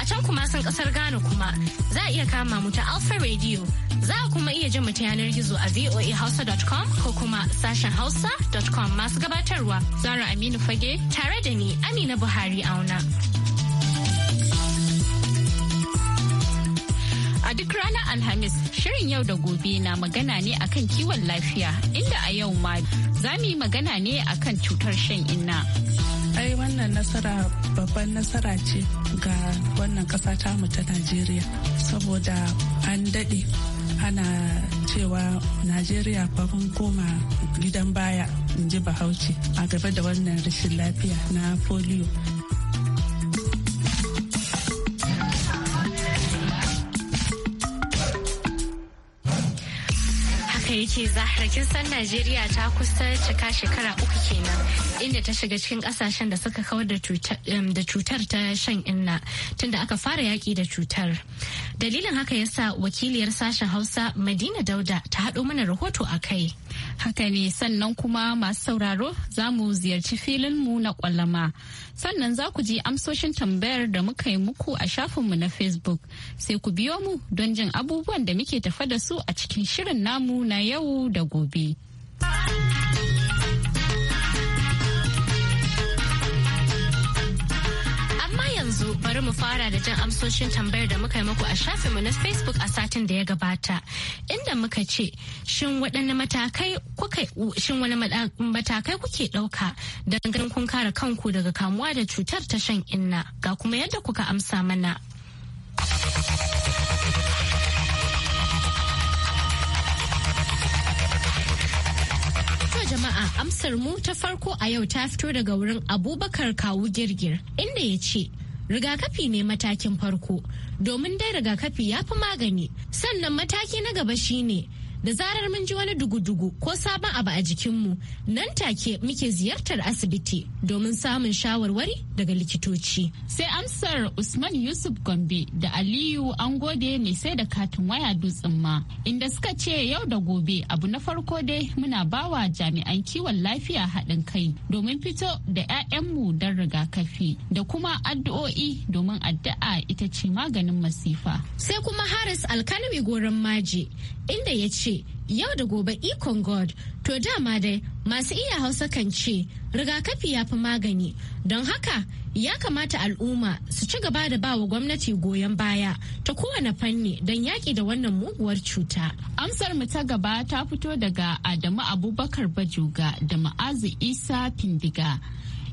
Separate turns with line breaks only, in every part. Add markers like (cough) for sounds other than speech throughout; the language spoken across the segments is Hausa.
A can kuma sun kasar Ghana kuma za a iya kama mu ta Alpha Radio. Za a kuma iya jin mu ta yanar gizo a voahausa.com ko kuma sashen hausa.com masu gabatarwa. Zara Aminu Fage tare da ni Amina Buhari auna. A duk ranar Alhamis, shirin yau da gobe na magana ne akan kiwon lafiya, inda a yau ma za mu yi magana ne akan cutar shan inna.
wannan nasara babban nasara ce ga wannan kasa mu ta najeriya saboda an daɗe ana cewa najeriya mun koma gidan baya in ji bahaushe a gaba da wannan rashin lafiya na polio
yake zahra kin san najeriya ta kusa cika shekara uku kenan inda ta shiga cikin kasashen da suka kawar da cutar ta shan inna tunda aka fara yaki da cutar dalilin haka yasa wakiliyar sashen hausa madina dauda ta haɗo mana rahoto a kai Haka ne sannan kuma masu sauraro za mu ziyarci mu na kwallama. Sannan za ku ji amsoshin tambayar da muka yi muku a shafinmu na Facebook. Sai ku biyo mu don jin abubuwan da muke tafa da su a cikin shirin namu na yau da gobe. bari mu fara da jan amsoshin tambayar da muka yi muku a shafinmu na Facebook a satin da ya gabata. Inda muka ce, shin waɗanne matakai kuke ɗauka don ganin kun kare kanku daga kamuwa da cutar ta shan inna ga kuma yadda kuka amsa mana. jama'a amsar mu ta farko a yau ta fito daga wurin abubakar kawu girgir inda ya ce rigakafi ne matakin farko domin dai rigakafi ya fi magani sannan mataki na gaba shine da zarar mun ji wani dugu-dugu ko sabon abu a jikinmu nan take muke ziyartar asibiti domin samun shawarwari daga likitoci. Sai amsar Usman Yusuf Gombe da Aliyu an gode mai sai da katin waya dutsen ma inda suka ce yau da gobe abu na farko dai muna bawa jami'an kiwon lafiya haɗin kai domin fito da 'ya'yanmu don rigakafi da kuma addu'o'i domin addu'a ita ce maganin masifa. Sai kuma Haris Alkalmi goron maji inda ya ce yau da gobe ikon god to dama dai masu iya hausa kan ce rigakafi ya fi magani don haka ya kamata al'umma su ci gaba da bawa gwamnati goyon baya ta kowane fanni don yaƙi da wannan muguwar cuta. amsar mu ta gaba ta fito daga adamu abubakar bajuga da ma'azu isa pindiga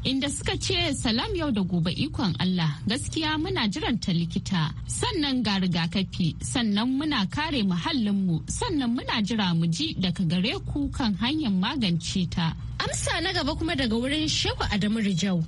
inda suka ce salam yau da gobe ikon Allah gaskiya muna jiran ta likita sannan ga rigakafi sannan muna kare muhallinmu sannan muna jira mu ji daga gare ku kan hanyar magance ta. Amsa na gaba kuma daga wurin Shehu Adamu Rijau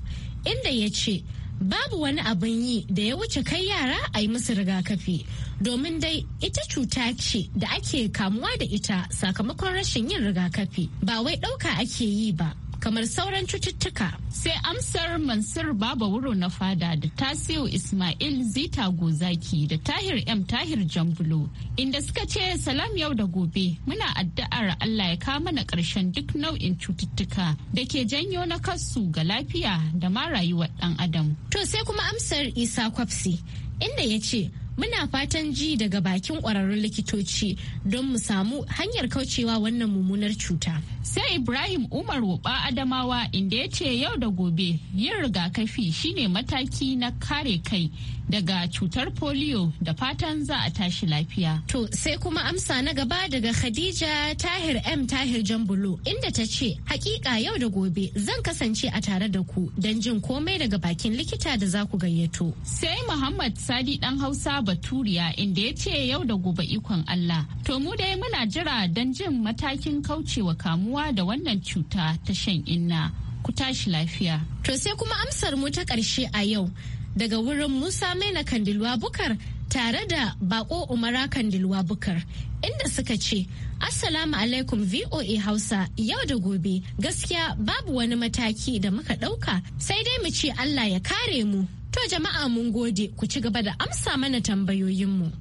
inda ya ce babu wani abin yi da ya wuce kai yara a yi musu rigakafi domin dai ita cuta ce da ake kamuwa da ita sakamakon rashin yin rigakafi ba wai ɗauka ake yi ba. kamar sauran cututtuka. Sai amsar Mansur Baba Wuro na fada da Tasiu Ismail Zita Gozaki da Tahir M Tahir Jambulo inda suka ce salam yau da gobe muna addu'ar Allah ya kawo mana ƙarshen duk nau'in cututtuka da ke janyo na kasu ga lafiya da ma rayuwar ɗan adam. To sai kuma amsar Isa Kwafsi inda ya ce muna fatan ji daga bakin ƙwararrun likitoci don mu samu hanyar kaucewa wannan mummunar cuta. Sai Ibrahim Umar Wuba Adamawa inda ya ce yau da gobe yin rigakafi shine mataki na kare kai daga cutar polio da fatan za a tashi lafiya. To sai kuma amsa na gaba daga Khadija Tahir M Tahir Jambulo inda ta ce hakika yau da gobe zan kasance a tare da ku don jin komai daga bakin likita da za ku gayyato. Sai Muhammad Sadi dan Hausa baturiya inda ya ce yau da gobe ikon Allah. To mu dai muna jira don jin matakin kaucewa kamuwa da wannan cuta ta shan inna. Ku tashi lafiya. To sai kuma amsar mu ta ƙarshe a yau daga wurin Musa Maina Kandilwa Bukar tare da bako umara kandilwa bukar inda suka ce assalamu alaikum voa hausa yau da gobe gaskiya babu wani mataki da muka ɗauka sai dai mu ce allah ya kare mu To jama'a mun gode ku ci gaba da amsa mana tambayoyinmu.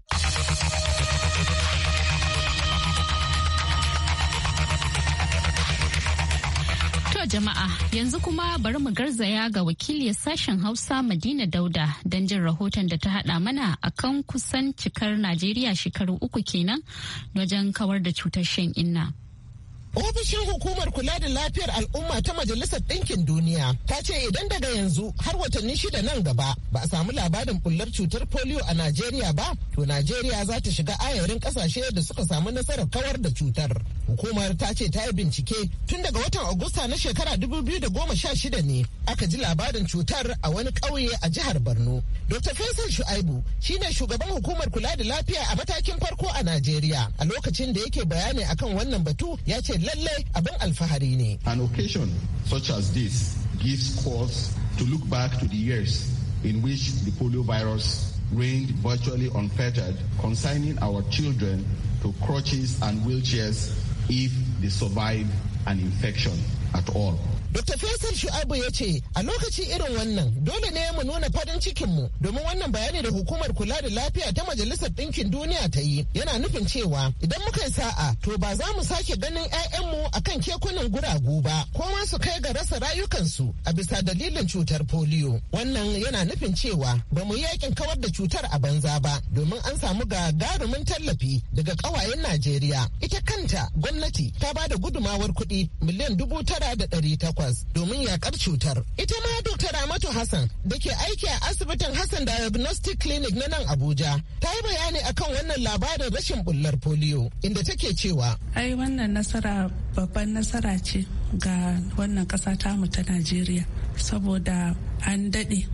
jama'a yanzu kuma bari mu garzaya ga wakiliyar sashen hausa madina dauda don jin rahoton da ta hada mana akan kusan cikar najeriya shekaru uku kenan wajen kawar da cutar shan inna.
Ofishin hukumar kula da lafiyar al'umma ta Majalisar Ɗinkin Duniya ta ce idan daga yanzu har watanni shida nan gaba ba a samu labarin bullar cutar polio a Najeriya ba, to Najeriya za ta shiga ayarin ƙasashe da suka samu nasarar kawar da cutar. Hukumar ta ce ta yi bincike tun daga watan Agusta na shekara dubu biyu da sha shida ne aka ji labarin cutar a wani ƙauye a jihar Borno. Dr. Faisal Shu'aibu shine shugaban hukumar kula da lafiya a matakin farko a Najeriya. A lokacin da yake bayani akan wannan batu ya ce lallai abin alfahari ne.
An occasion such as this gives cause to look back to the years in which the polio virus reigned virtually unfettered, consigning our children to crutches and wheelchairs if they survive an infection at all.
Dr. Faisal Shu'abu ya ce a lokaci irin wannan dole ne mu nuna farin cikinmu domin wannan bayani da hukumar kula da lafiya ta Majalisar Ɗinkin Duniya ta yi yana nufin cewa idan muka yi sa'a to ba za mu sake ganin 'ya'yanmu a kan kekunan guragu ba ko ma su kai ga rasa rayukansu a bisa dalilin cutar foliyo. Wannan yana nufin cewa ba mu yi yakin kawar da cutar a banza ba domin an samu gagarumin tallafi daga ƙawayen Najeriya. Ita kanta gwamnati ta ba da gudumawar kuɗi miliyan dubu tara da ɗari takwas. Gabas domin yakar cutar. Ita ma Dr. Ramatu Hassan da ke aiki a asibitin Hassan Diagnostic Clinic na nan Abuja ta yi bayani akan wannan labarin rashin bullar polio inda take cewa.
Ai wannan nasara babban nasara ce ga wannan kasa tamu ta Najeriya saboda an daɗe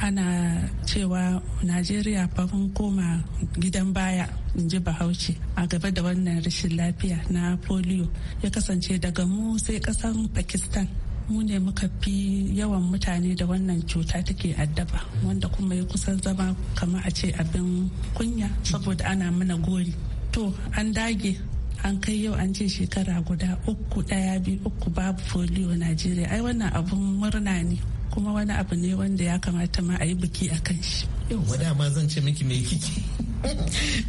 ana cewa najeriya fa koma gidan baya in ji bahaushe a gaba da wannan rashin lafiya na polio ya kasance daga mu sai kasan pakistan mu ne muka fi yawan mutane da wannan cuta take addaba wanda kuma ya kusan zama kamar a ce abin kunya saboda ana mana gori to an dage an kai yau an ce shekara guda uku daya biyu uku babu folio najeriya ai wannan abin murna ne kuma wani abu ne wanda ya kamata ma a yi biki a kan shi
wadda ma zan ce miki mai kiki (laughs)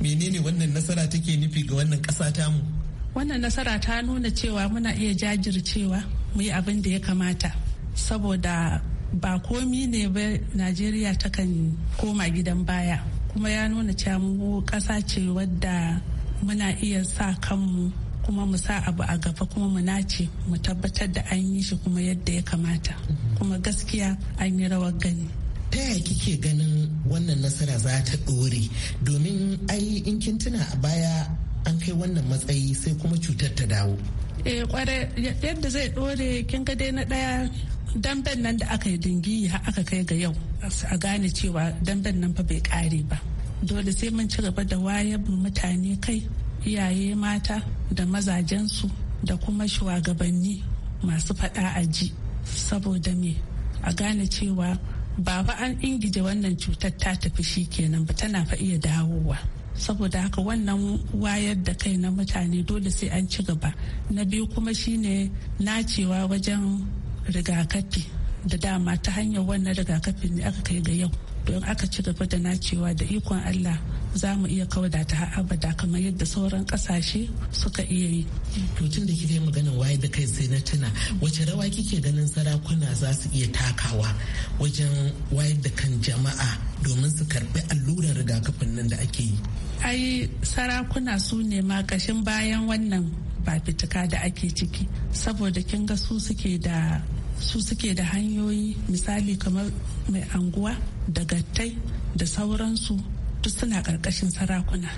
menene wannan nasara take nufi ga wannan kasa tamu
wannan nasara ta nuna cewa muna iya jajircewa mu yi abin da ya kamata saboda ba komi ne ba najeriya kan koma gidan baya kuma ya nuna cewa mu ƙasa ce wadda muna iya sa kanmu kuma mu sa abu a gaba kuma mu nace mu tabbatar da an yi shi kuma yadda ya kamata kuma gaskiya an yi rawar gani ta yaya kike ganin wannan nasara za ta ɗore domin
ai in kintuna a baya
an kai wannan
matsayi sai kuma cutar ta dawo
eh kware yadda zai dore kin ga dai na daya damben nan da aka yi dingi har aka kai ga yau a gane cewa damben nan fa bai kare ba dole sai mun ci gaba da wayar mutane kai iyaye mata da mazajensu da kuma shugabanni masu faɗa a ji saboda me a gane cewa ba fa an ingije wannan cutar ta tafi shi kenan ba tana fa iya dawowa saboda haka wannan wayar da kai na mutane dole sai an ci gaba na biyu kuma shine nacewa wajen rigakafi da dama ta hanyar wannan rigakafin ne aka kai ga yau don aka ci gaba da nacewa da ikon allah za mu iya kawada ta abada kamar yadda sauran kasashe suka iya yi. To tun da kike maganin
wayar da kai sai na tuna wace rawa kike ganin sarakuna za su iya takawa wajen wayar da kan jama'a domin su karbi allurar rigakafin nan da ake yi.
ai sarakuna su ne makashin bayan wannan ba fituka da ake ciki saboda kin ga su suke da su suke da hanyoyi misali kamar mai anguwa da gattai da sauransu duk suna ƙarƙashin sarakuna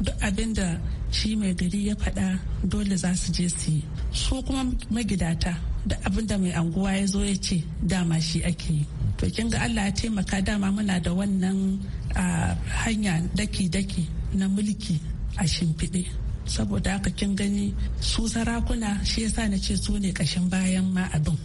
duk abin da shi mai gari ya faɗa dole za su je su yi su kuma magidata da abin da mai anguwa ya zo ya ce dama shi ake yi to kin ga Allah ya taimaka dama muna da wannan hanya daki-daki na mulki a shimfiɗe saboda haka kin gani su sarakuna shi yasa na ce su ne ƙashin bayan ma abin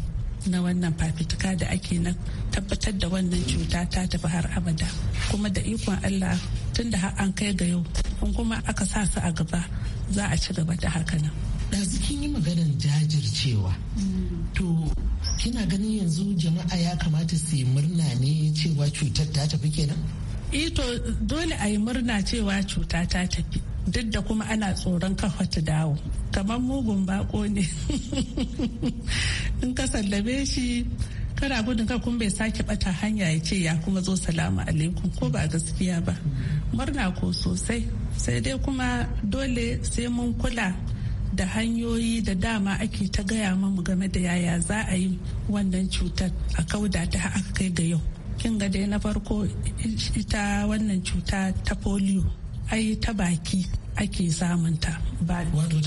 na wannan fafitika da ake na tabbatar da wannan cuta ta tafi har abada kuma da ikon allah tun da an kai ga yau in kuma aka sa su a gaba za a ci gaba da haka nan kin yi maganar
jajircewa to kina ganin yanzu jama'a ya kamata su yi murna
ne cewa cutar ta tafi kenan eh to dole a yi murna cewa cuta ta tafi duk da kuma ana tsoron kafa ta dawo kamar mugun bako ne (laughs) in ka sallame shi kana gudun ka kun bai sake bata hanya ya ce ya kuma zo salamu alaikum ko ba gaskiya ba murna ko sosai sai dai kuma dole sai mun kula da hanyoyi da dama ake ta gaya mamu game da yaya za a yi wannan cutar a kauda ta aka kai ga yau kin ga dai na farko ita wannan cuta ta polio ai ta baki ake samunta ba wato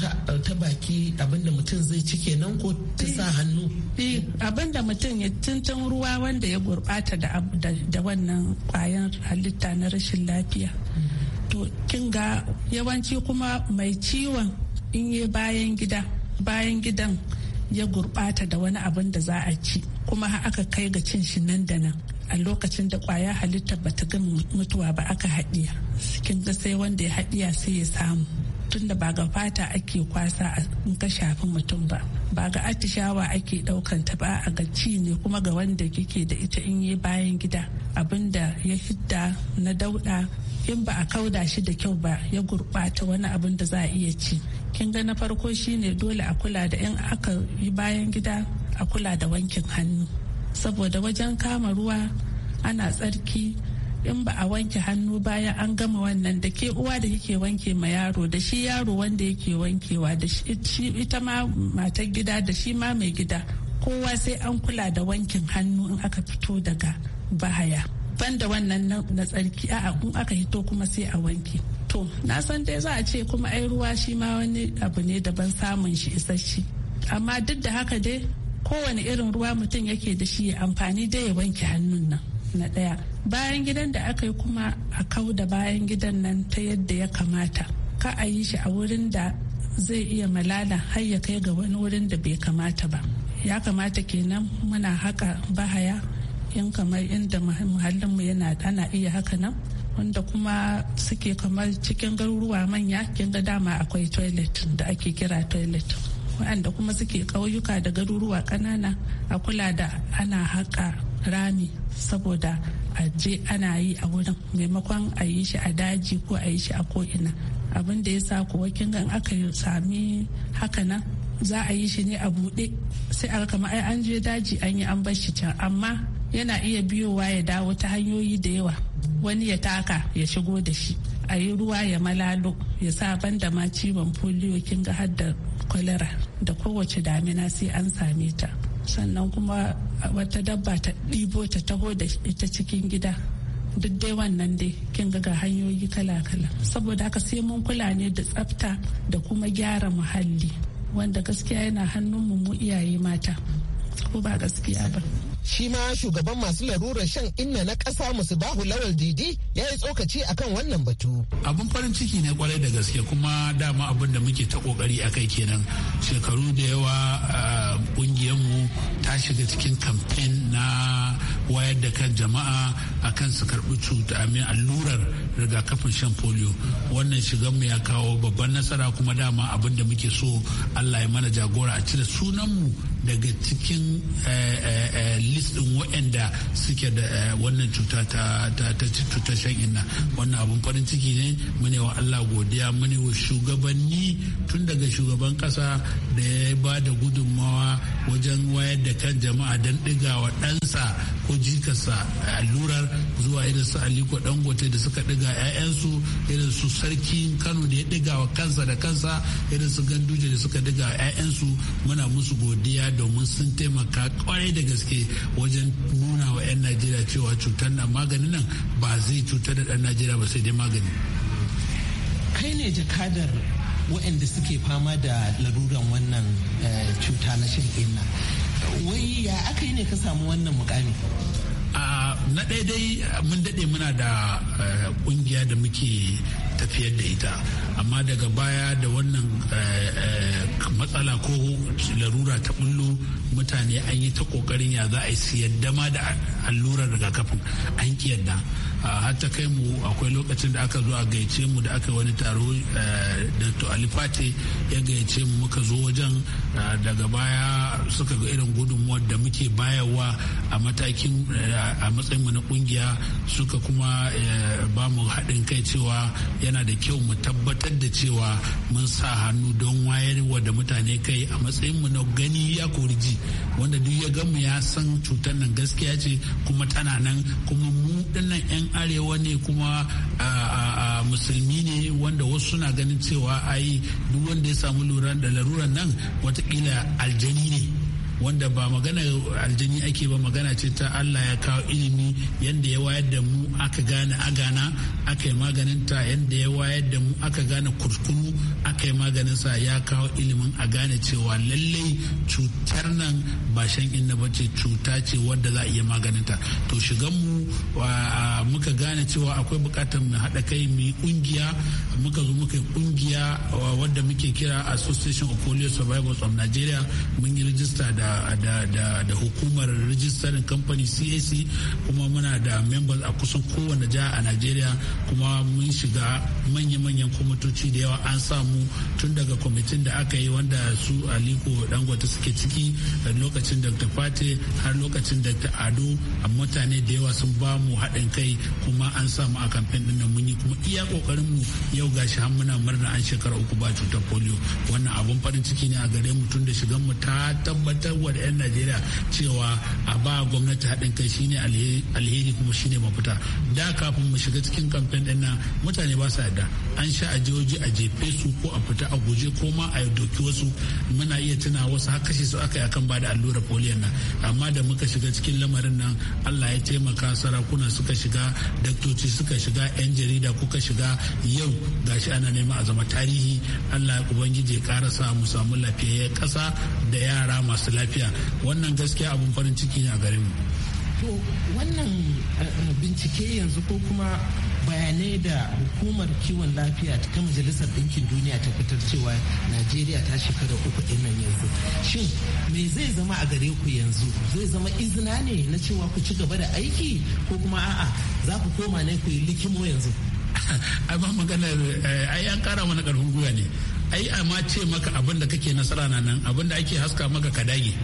ta baki abinda mutum zai ci kenan ko ta sa eh, hannu eh, abinda mutum ya tuntun ruwa wanda ya gurbata da wannan kwayan halitta na rashin lafiya mm-hmm. to kin ga yawanci kuma mai ciwon in yi bayan gida bayan gidan ya gurɓata da wani abin da za a ci kuma aka kai ga cin shi nan da nan a lokacin da kwaya halitta ba ta gama mutuwa ba aka haɗiya kin ga sai wanda ya haɗiya sai ya samu tunda ba ga fata ake kwasa in ka shafi mutum ba ba ga atishawa ake ɗaukan ta ba a ga ci ne kuma ga wanda kike da ita in yi bayan gida da ya hidda na dauɗa in ba a kauda shi da kyau ba ya gurɓata wani abin da za a iya ci kin ga na farko shine dole a kula da in aka yi bayan gida a kula da wankin hannu saboda wajen kama ruwa ana tsarki in ba a wanke hannu bayan an gama wannan da ke uwa da yake wanke ma yaro da shi yaro wanda yake wankewa da shi ita ma matar gida da shi ma mai gida kowa sai an kula da wankin hannu in aka fito daga bahaya banda wannan na tsarki a'a in aka hito kuma sai a wanke to na san dai za a ce kuma ai ruwa shi ma wani abu ne daban samun shi isasshe amma duk da haka dai kowane irin ruwa mutum yake da shi amfani dai ya wanke hannun nan na ɗaya bayan gidan da aka yi kuma a kau da bayan gidan nan ta yadda ya kamata ka a yi shi a wurin da zai iya malala har ya kai ga wani wurin da bai kamata ba ya kamata kenan muna haka bahaya in kamar inda muhallinmu yana ana iya haka nan wanda kuma suke kamar cikin garuruwa manya kin ga dama akwai toilet da ake kira toilet waɗanda kuma suke ƙauyuka da garuruwa ƙanana a kula da ana haƙa rami saboda a je ana yi a wurin maimakon a yi shi a daji ko a yi shi a ko'ina abin da ya sa kuwa kin ga aka sami haka nan za a yi shi ne a buɗe sai a kama ai an je daji an yi an bar shi can amma yana iya biyowa ya dawo ta hanyoyi da yawa wani ya taka ya shigo da shi a yi ruwa ya malalo ya sa ban da ma ciwon foliyo kin ga har da da kowace damina sai an same ta sannan kuma wata dabba ta ɗibo ta taho da ita cikin gida duk dai wannan dai kin ga ga hanyoyi kala-kala saboda haka sai mun kula ne da tsafta da kuma gyara muhalli wanda gaskiya yana hannun mu iyaye mata ko ba gaskiya ba
shi ma shugaban masu larurar shan inna na ƙasa musu bahu lawal didi ya yi tsokaci akan wannan batu
abun farin ciki ne kwarai da gaske kuma dama abin da muke ta kokari a kai kenan shekaru da yawa kungiyarmu eh, ta shiga cikin kamfen na wayar da kan jama'a akan su karɓi cuta mai allurar rigakafin shan polio wannan shigan mu ya kawo babban nasara kuma dama abin da muke so allah ya mana jagora a cire sunanmu daga cikin eh, eh, eh, list ɗin waɗanda suke da wannan cuta ta cuta shan inna wannan abun farin ciki ne mune wa Allah godiya mune wa shugabanni tun daga shugaban ƙasa da ya ba da gudunmawa wajen wayar da kan jama'a don ɗigawa ɗansa ko jikarsa allurar zuwa irin su aliko dangote da suka diga 'ya'yansu irin su sarki kano da ya diga wa kansa da kansa irin su ganduje da suka diga 'ya'yansu muna musu godiya domin sun taimaka kwarai da gaske wajen nuna wa 'yan najeriya cewa cutar nan maganin nan ba zai cutar da ɗan najeriya ba sai dai magani kai ne jakadar waɗanda suke fama da laruran wannan eh,
cuta na shan inna wai ya aka yi ne ka samu wannan mukami
na daidai mun daɗe muna da eh, ƙungiya da muke tafiyar da ita amma daga baya da wannan eh, eh, matsala ko larura ta bullo mutane an yi ta kokarin ya za a yi su yadda ma da allurar rigakafin an kiyarda yadda ah, kai mu akwai lokacin da aka zo a gayyace mu da aka wani taro eh, da to alifate ya gayyace mu muka zo wajen ah, daga baya suka ga irin gudunmuwar da muke bayarwa a matakin a matsayin mu na kungiya suka kuma ba mu haɗin kai cewa ya yana da kyau mu tabbatar da cewa mun sa hannu don wayarwa da mutane kai a matsayin mu na gani ya kori ji wanda duk ya gamu ya san cutar nan gaskiya ce kuma tana nan kuma mu dinnan yan arewa ne kuma musulmi ne wanda wasu suna ganin cewa ai duk wanda ya samu lura da laruran nan watakila aljani ne wanda ba magana aljani ake ba magana ce ta Allah ya kawo ilimi yadda ya wayar da mu aka gane agana aka yi maganin ta yadda ya wayar da mu aka gane kurkunu aka yi maganin sa ya kawo ilimin a gane cewa lallai cutar nan ba shan inna ba ce cuta ce wadda za a iya maganin ta to shigan mu muka gane cewa akwai bukatar mu hada kai mu yi kungiya muka zo muka yi kungiya wadda muke kira association of polio survivors of nigeria mun yi rijista da da, hukumar rijistar kamfani cac kuma muna da members a kusan kowane jiha a nigeria kuma mun shiga manya-manyan kwamitoci da yawa an samu tun daga kwamitin da aka yi wanda su aliko dangote suke ciki lokacin dr fate har lokacin dr ado a mutane da yawa sun ba mu haɗin kai kuma an samu a kamfen ɗin nan yi kuma iya ƙoƙarin mu yau gashi har muna murna an shekara uku ba cutar polio wannan abun farin ciki ne a gare mu tun da shigan mu ta tabbatar da 'yan najeriya cewa a ba gwamnati haɗin kai shine alheri kuma shine mafita da kafin mu shiga cikin kamfen ɗin nan mutane ba su yarda an sha a jihohi a jefe su ko a fita a guje ko ma a doki wasu muna iya tuna wasu haka shi su aka yi akan ba da allurar polio nan amma da muka shiga cikin lamarin nan allah ya taimaka sarakuna suka shiga daktoci suka shiga 'yan jarida kuka shiga yau gashi ana nema a zama tarihi allah ubangiji ya kara sa mu samu lafiyayyen kasa da yara masu lafiya lafiya wannan gaskiya abun farin ciki ne a gare mu
to wannan eh, eh, bincike yanzu ko kuma bayanai da hukumar kiwon lafiya ta majalisar ɗinkin duniya ta fitar cewa najeriya ta shekara uku ɗinnan nan yanzu shin me zai zama a gare ku yanzu zai zama izina ne na cewa ku ci gaba da aiki
ko kuma a'a za ku koma ne ku yi likimo yanzu (laughs) ai ba magana eh, ai an kara mana karfin guya ne ai a ma ce maka abin da kake nasara na nan abin da ake haska maka ka dage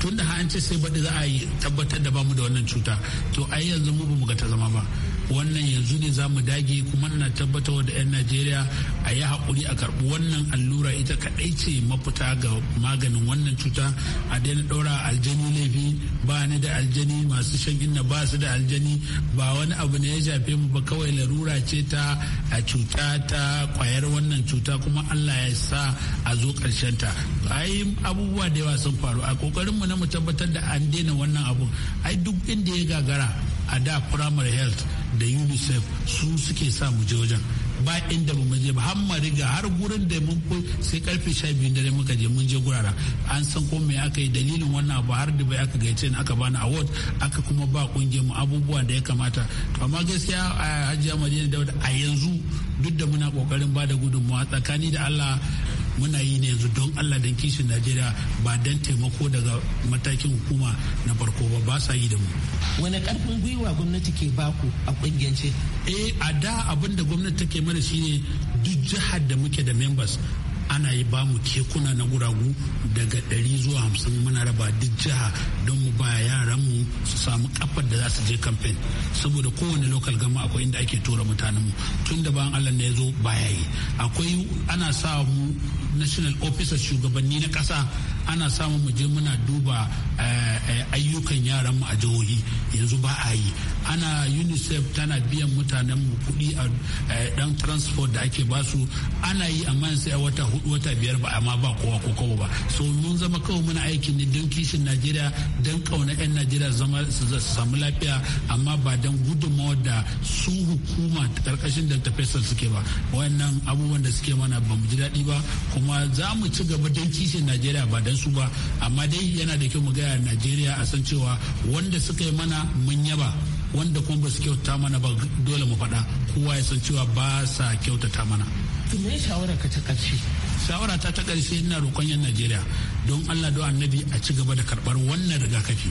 tun da an ce sai baɗi za a yi tabbatar da bamu da wannan cuta to ai yanzu mu ba mu ga ta zama ba wannan yanzu ne za mu dage kuma na tabbatar da 'yan najeriya a yi haƙuri a karɓi wannan allura ita kaɗai ce mafita ga maganin wannan cuta a daina ɗora aljani laifi ba ni da aljani masu shan inna ba su da aljani ba wani abu ne ya shafe mu ba kawai larura ce ta a cuta ta kwayar wannan cuta kuma allah ya sa a zo ƙarshen ta ai abubuwa da yawa sun faru a mu na mu tabbatar da an daina wannan abu ai duk inda ya gagara a da primary health da unicef su suke sa mu je wajen ba inda mu je ba har riga har gurin da mun koi sai karfe sha biyu dare muka je mun je gurara an san ko me aka yi dalilin wannan abu har da bai aka gaice ni aka bani award aka kuma ba kungiyar mu abubuwa da ya kamata to amma gaskiya a hajiya madina dauda a yanzu duk da muna kokarin ba da gudunmuwa tsakani da allah muna yi ne yanzu don allah don kishin najeriya ba don taimako daga matakin hukuma na farko ba ba sa yi da mu wani karfin gwiwa gwamnati ke baku a kungiyance eh a da abin da gwamnati take mana shine duk jihar da muke da members ana yi ba mu kekuna na guragu daga 100 zuwa hamsin muna raba duk jiha don mu ba yaran mu su samu kafar da za su je kamfen saboda kowane lokal gama akwai inda ake tura mutanenmu tun da bayan Allah ne ya zo ya yi akwai ana sa mu national officers shugabanni na kasa ana samun muje muna duba eh, eh, ayyukan yaran mu a jihohi yanzu ba a yi ana unicef tana biyan mutanen mu kuɗi a dan eh, transport da ake basu ana yi amma sai wata hudu wata biyar ba amma ba kowa ko kowa ba so mun zama kawai muna aikin ne don kishin najeriya don kauna yan najeriya zama su samu lafiya amma ba don gudunmawar da su hukuma karkashin da tafesar suke ba wannan abubuwan da suke mana ba mu ji daɗi ba kuma kuma za mu ci gaba don kishin najeriya ba don su ba amma dai yana da kyau mu gaya najeriya a san cewa wanda suka yi mana mun yaba wanda kuma ba su kyautata mana ba dole mu faɗa kowa ya san cewa ba sa kyautata mana shawara ka ta ƙarshe shawara ta ta ƙarshe ina roƙon yan najeriya don allah don annabi a ci gaba da karɓar wannan rigakafi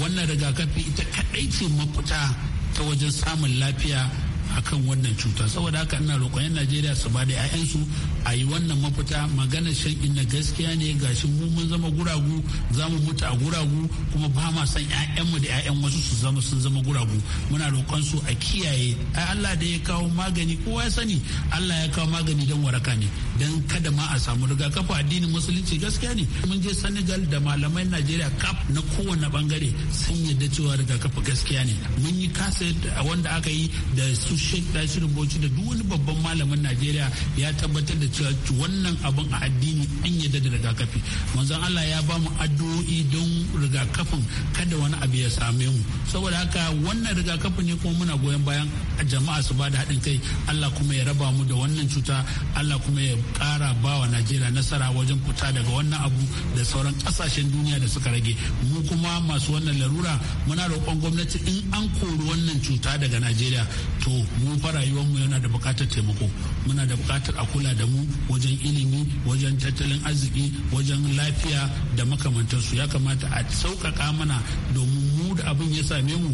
wannan rigakafi ita kaɗai ce mafita ta wajen samun lafiya akan wannan cuta saboda haka ina roƙon 'yan najeriya su ba da 'ya'yansu a yi wannan mafita magana shan inna gaskiya ne gashi mu mun zama guragu za mu mutu a guragu kuma ba ma son 'ya'yanmu da 'ya'yan wasu su zama sun zama guragu muna roƙon su a kiyaye ai allah da ya kawo magani kowa ya sani allah ya kawo magani don waraka ne don kada ma a samu rigakafi addinin musulunci gaskiya ne mun je senegal da malamai najeriya kaf na kowane bangare sun yadda cewa rigakafi gaskiya ne mun yi kasa wanda aka yi da yusuf sheikh dasiru bauchi da duk wani babban malamin najeriya ya tabbatar da cewa wannan abin a addini an yadda da rigakafi manzon allah ya ba mu addu'o'i don rigakafin kada wani abu ya same mu saboda haka wannan rigakafin ne kuma muna goyon bayan jama'a su ba da haɗin kai allah kuma ya raba mu da wannan cuta allah kuma ya ƙara ba wa najeriya nasara wajen fita daga wannan abu da sauran ƙasashen duniya da suka rage mu kuma masu wannan larura muna roƙon gwamnati in an kori wannan cuta daga najeriya to mu fa rayuwar mu yana da bukatar taimako muna da bukatar a kula da mu wajen ilimi wajen tattalin arziki wajen lafiya da makamantarsu ya kamata a sauƙaƙa mana domin mu da abin ya same mu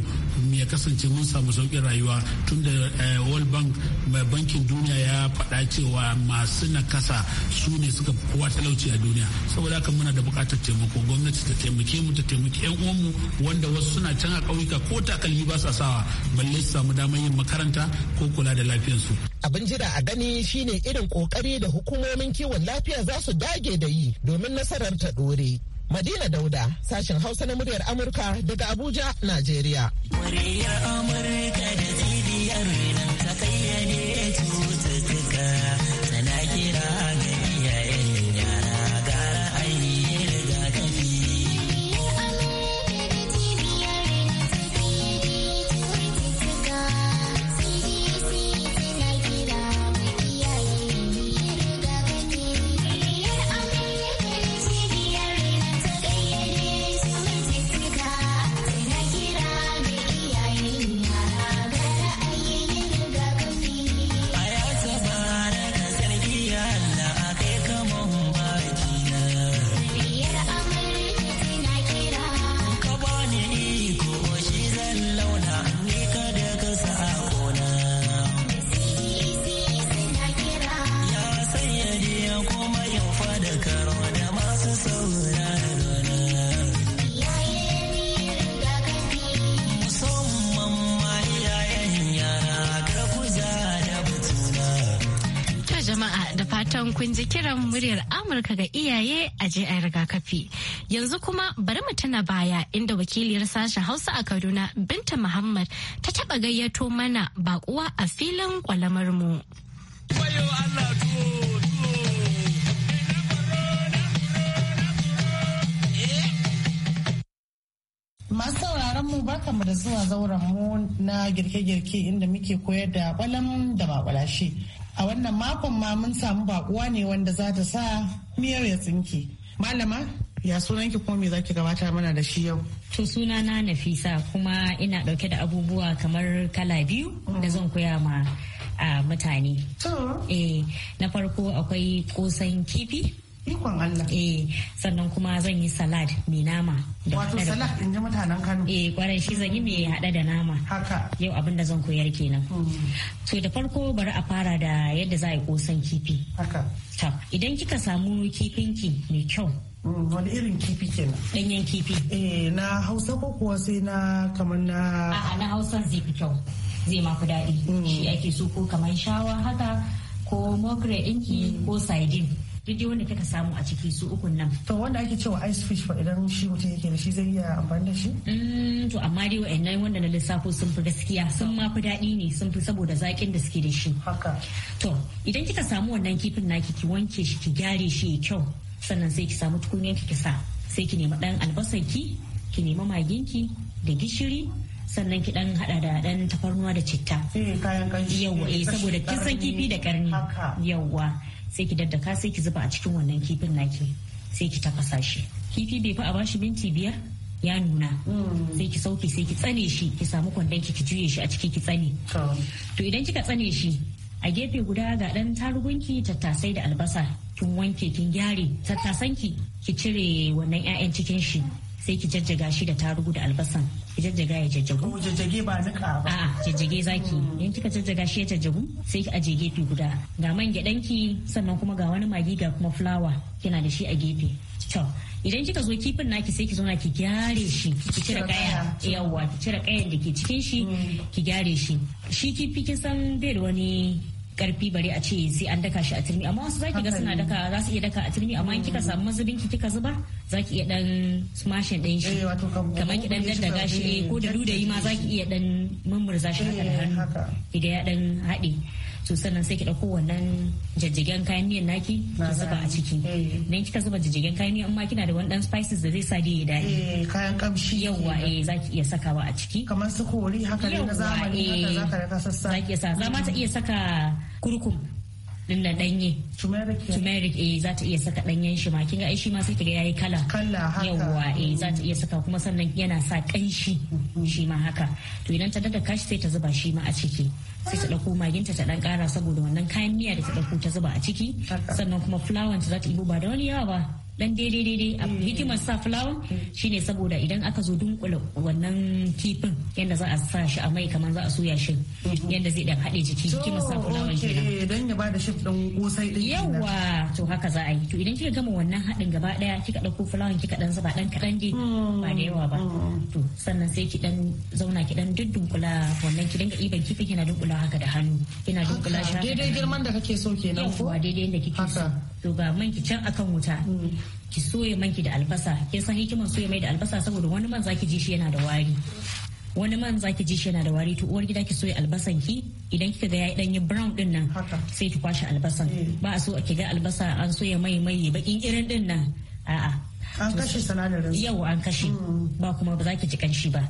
ya kasance mun samu sauƙin rayuwa tun da eh, world bank mai eh, bankin duniya ya faɗa cewa masu nakasa su ne suka kowa talauci a duniya saboda haka muna da bukatar taimako gwamnati ta taimake mu ta taimaki yan uwanmu wanda wasu suna can a ƙauyuka ko takalmi ba sa sawa balle su samu damar yin makaranta mata ko kula da lafiyarsu.
Abin jira a gani shine irin kokari da hukumomin kiwon lafiya za su dage da yi domin nasarar ta dore. Madina Dauda, sashen Hausa na muryar Amurka daga Abuja, Najeriya.
Muryar
Amurka ga iyaye a je a rigakafi. Yanzu kuma bari mu tuna baya inda wakiliyar sashen Hausa a Kaduna Binta Muhammad ta taba gayyato mana bakuwa a filin kwalamarmu.
Masu sauraron mu mu da zuwa zauren mu na girke-girke inda muke koyar da kwalam da ba kwalashe a wannan makon ma mun samu bakuwa ne wanda za ta sa miyar ya tsinke malama ya sunan ki kuma me zaki gabata mana da shi yau
to suna na nafisa kuma ina dauke da abubuwa kamar kala biyu da zan koya ma a ah, mutane eh na farko akwai kosan kifi Ikon Allah. Eh, sannan kuma zan yi salad mai nama. Wato salad in ji mutanen Kano. Eh, kwarai shi zan yi mai haɗa da nama. Haka. Yau abin da zan koyar kenan. Hmm. To da farko bari a fara da yadda za a yi kosan kifi. Haka. idan kika samu kifinki mai kyau hmm, wani irin kifi kenan Ɗanyen kifi eh na hausa ko kuwa sai na kamar na A'a na hausa zai fi kyau zai maku daɗi hmm. shi ake so ko kamar shawa haka ko mokre ɗinki ko sardine duk wanda kika samu a ciki su ukun nan. To wanda ake cewa ice fish fa idan shi mutum yake da shi zai iya amfani da shi? Mm, to amma dai wa'annan wanda na lissafo sun fi gaskiya sun ma fi daɗi ne sun fi saboda zaƙin da suke da shi. Haka. To idan kika samu wannan kifin naki ki wanke shi ki gyare shi ya kyau sannan sai ki samu tukunyar ki sa sai ki nemi ɗan albasar ki ki nemi maginki da gishiri sannan ki dan hada da dan tafarnuwa da citta. Eh, Yawwa eh saboda kin kifi da karni. Yawwa sai ki daddaka sai ki zuba a cikin wannan kifin naki sai ki tafasa shi kifi bai fi a bashi minti biyar ya nuna mm. sai ki sauke sai ki tsane shi ki samu kwandon ki ki juye shi a ciki ki tsane to idan kika tsane shi a gefe guda ga dan tarugunki tattasai da albasa kin wanke kin gyare tattasanki ki cire wannan 'ya'yan cikin shi sai ki jajjaga shi da tarugu da albasan ki jajjaga ya jajjagu ko oh, jajjage ba nika ba a jajjage zaki Idan kika jajjaga shi ya jajjagu sai ki aje gefe guda ga man gyadan ki sannan kuma ga wani magi ga kuma fulawa kina da shi a gefe to idan kika zo kifin naki sai ki zo ki gyare shi ki cire kaya yawwa ki cire kayan da ke cikin shi mm. ki gyare shi shi kifi kin san bai da wani karfi bare a ce sai an daka shi a turmi amma wasu zaki ga suna daka za su iya daka a turmi amma in kika samu mazubin ki kika zuba zaki iya dan smashin din shi eh, kamar ki dan da gashi eh, ko da yi ma zaki iya dan mummurza shi haka da eh, hannu kiga ya dan haɗe to sannan sai ki ɗauko wannan jajjagen kayan miyan naki ki zuba a ciki idan kika zuba jajjagen kayan miyan amma kina da wani dan spices da zai sa dai ya daɗi kayan kamshi yawa eh zaki iya sakawa a ciki kamar su kori haka ne na zamani haka zaka rika sassa zaki iya sa za ma ta iya saka kurkum din na danye turmeric eh za ta iya saka danyen shi ma kinga ai shi ma sai kiga yayi kala kala haka yawa eh za ta iya saka kuma sannan yana sa kanshi mm-hmm. shi ma haka to idan ta daga kashi sai ta zuba shi ma a ciki sai ta dauko maginta ta dan kara saboda wannan kayan miya da ta dauko ta zuba a ciki sannan kuma fulawan ta za ta ibo ba da wani yawa ba dan daidai daidai a eh. hikimar sa fulawa shine saboda idan aka zo dunkula wannan kifin yadda za a sa shi a mai kamar za a soya shi mhm. yadda zai dan haɗe jiki hikimar sa fulawa kenan
dan ya bada shi dan
kosai din yawa to haka za a yi to idan kika gama wannan haɗin gaba daya kika dauko fulawan kika dan zuba dan kadan dai ba da yawa ba mm. to sannan sai ki dan zauna ki dan dunkula wannan ki dinga iban kifin kina dunkula haka da hannu kina dunkula shi daidai girman da kake so kenan ko daidai yadda kike so to ga manki can akan wuta ki soya manki da albasa kin san hikiman soya mai da albasa saboda wani man zaki ji shi yana da wari wani man zaki ji shi yana da wari to uwar gida ki soya albasan ki idan kika ga yayi yi brown din nan sai ki kwashe albasan eh. ba a so ki ga albasa an soya mai mai bakin irin din nan a'a an kashe sanadarin yau an kashe mm. ba kuma ba za ki ji kanshi ba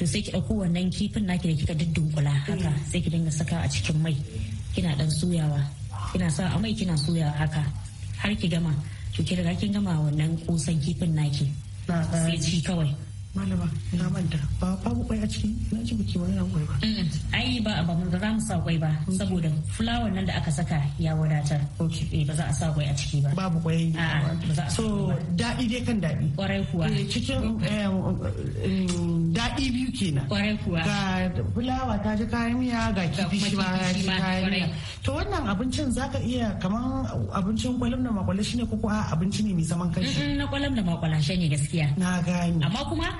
to sai ki ɗauko wannan kifin naki da kika duddunkula haka eh. sai ki dinga saka a cikin mai kina dan soyawa kina sa a mai kina soyawa haka har ki gama to ki riga kin gama wannan kosan kifin naki sai ci kawai
malama na manta ba babu kwai a ciki na ji biki wani kwai
ba mm, ai ba ba mu za mu sa kwai ba saboda fulawar nan da aka saka ya wadatar eh ba za a sa kwai a ciki ba babu kwai so daɗi dai kan daɗi kwarai
kuwa eh, cikin daɗi biyu kenan kwarai kuwa ga fulawa ta ji kayan miya ga kifi shi ma ya ji kayan miya to wannan abincin zaka iya kaman abincin kwalam da makwalashi ne ko ko abinci ne mai zaman kanshi
na kwalam da makwalashe ne gaskiya na gani amma kuma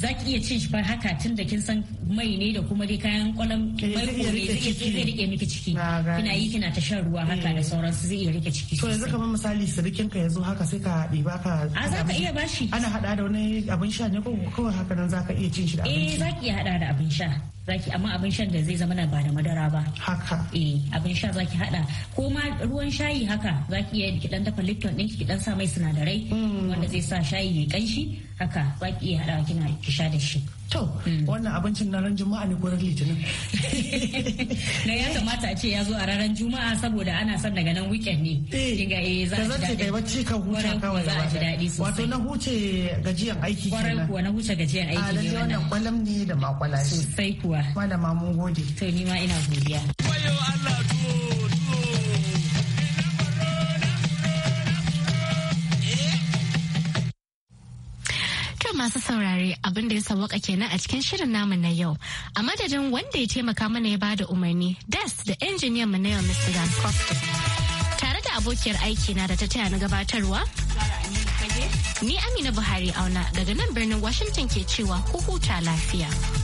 za ki iya cin shi far haka tun da kin san mai ne da kuma dai kayan kwalam mai kore zai rike miki ciki kina yi kina ta shan ruwa haka da eh. sauransu zai
iya rike ciki to yanzu kamar misali sirikin ka yanzu haka sai ka ɗiba ka a za ka iya bashi ana hada da wani abin sha ne ko kawai haka nan za ka iya cin shi da abin eh za ki
iya hada da abin sha zaki amma abin shan da zai zama na ba da madara ba haka eh abin sha zaki hada ko ma ruwan shayi haka zaki iya ki dan dafa lipton ɗinki ki dan sa mai sinadarai hmm. wanda zai sa shayi ya kanshi haka zaki iya hada kina ki sha da shi
to mm. wannan abincin na ran juma'a ne ko litinin
(laughs) na ya kamata a ce ya zo a ranar juma'a saboda ana son daga nan weekend ne eh, kinga eh za a ji daɗi bacci ka huta kawai za a ji daɗi sosai wato na huce gajiyan aiki kenan kwarai kuwa na huce gajiyan ah, aiki ne wannan kwalam ne da makwalashi sosai kuwa malama mun gode to ni ma ina godiya wayo Allah tuwo.
masu saurare abin da ya sawaka kenan a cikin shirin namu na yau. A madadin wanda ya taimaka mana ya bada umarni, Das da injiniyan mu na yau Mr. Dan Tare da abokiyar aiki na da ta taya na gabatarwa. Ni Amina Buhari auna daga nan birnin Washington ke cewa ku huta lafiya.